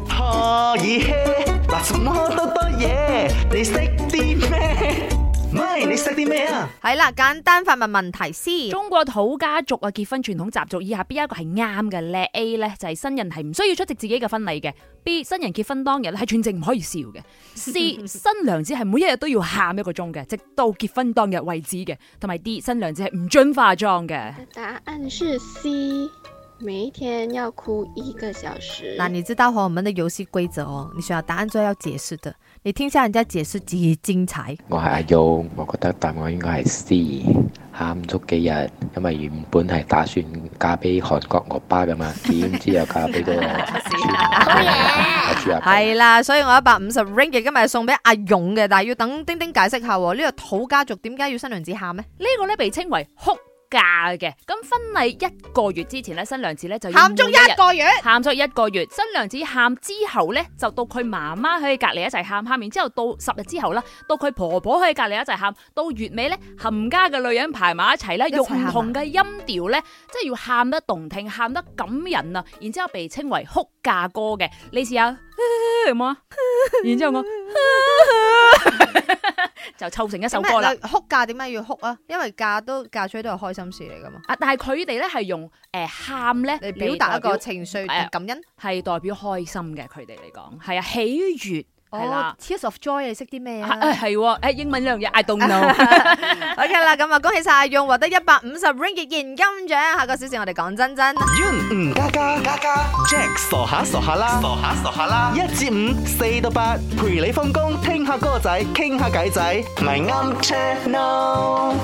可以咩？嗱， oh, yeah. 麼多多嘢？你識啲咩？咪你識啲咩啊？係啦，簡單發問問題先。C、中國土家族啊，結婚傳統習俗，以下邊一個係啱嘅咧？A 咧就係、是、新人係唔需要出席自己嘅婚禮嘅。B 新人結婚當日咧係全程唔可以笑嘅。C 新娘子係每一日都要喊一個鐘嘅，直到結婚當日為止嘅。同埋 D 新娘子係唔准化妝嘅。答案是 C。每一天要哭一個小時。嗱， 你知道和我們的遊戲規則哦，你選答案之後要解釋的。你聽下人家解釋幾精彩。我係阿勇，我覺得答案應該係 C。喊足幾日，因為原本係打算嫁俾韓國惡霸噶嘛，點知又嫁俾個。係啦， 所以我一百五十 ring，亦今日送俾阿勇嘅，但係要等丁丁解釋下。呢、呢個土家族點解要新娘子喊呢？呢個、呢、呢個咧被稱為哭嫁嘅，咁婚禮一個月之前咧，新娘子咧就要喊足一個月，喊咗一個月，新娘子喊之後咧，就到佢媽媽去隔籬一齊喊喊，然之後到十日之後啦，到佢婆婆去隔籬一齊喊，到月尾咧，冚家嘅女人排埋一齊啦，用唔同嘅音調咧，即係要喊得動聽，喊得感人啊，然之後被稱為哭嫁歌嘅，你試下有冇啊？然之後我。就湊成一首歌啦。哭嫁點解要哭啊？因為嫁都嫁出去都係開心事嚟噶嘛。啊！但係佢哋咧係用誒喊咧嚟表達一個情緒嘅感恩，係代，代，代表開心嘅。佢哋嚟講係啊喜悅。哦 Tears of joy，你識啲咩啊？係、啊、誒、哦、英文呢樣嘢，I don't know。 OK 啦，咁、嗯、啊恭喜晒阿 Young 獲得一百五十 ringgit 嘅現金獎。下個小時我哋講真真。Next, 傻下傻下啦，傻下傻下啦，一至五四到八，1 1 5, 8, 陪你放工，聽下歌仔，傾下偈仔，咪啱車咯。